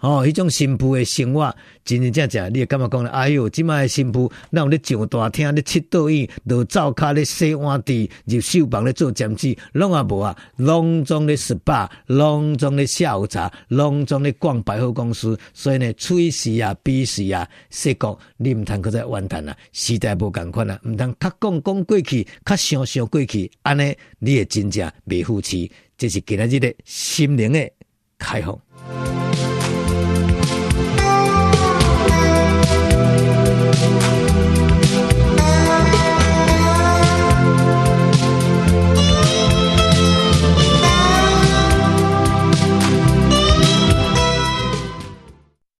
哦，迄種新婦的生活，真真正正，你會感覺講咧，哎喲，即賣新婦，那有咧上大廳咧拭桌椅，都灶腳咧洗碗池，入繡房咧做兼子攏也無啊，攏總咧 SPA，攏總的下午茶，攏總的逛百貨公司，所以呢，趨勢啊，逼勢啊，世國，你毋通擱再怨嘆啦，時代無同款啦，唔通擱講講過去，擱想想過去，安尼你也真正袂扶持，這是今仔日嘅心靈嘅開放。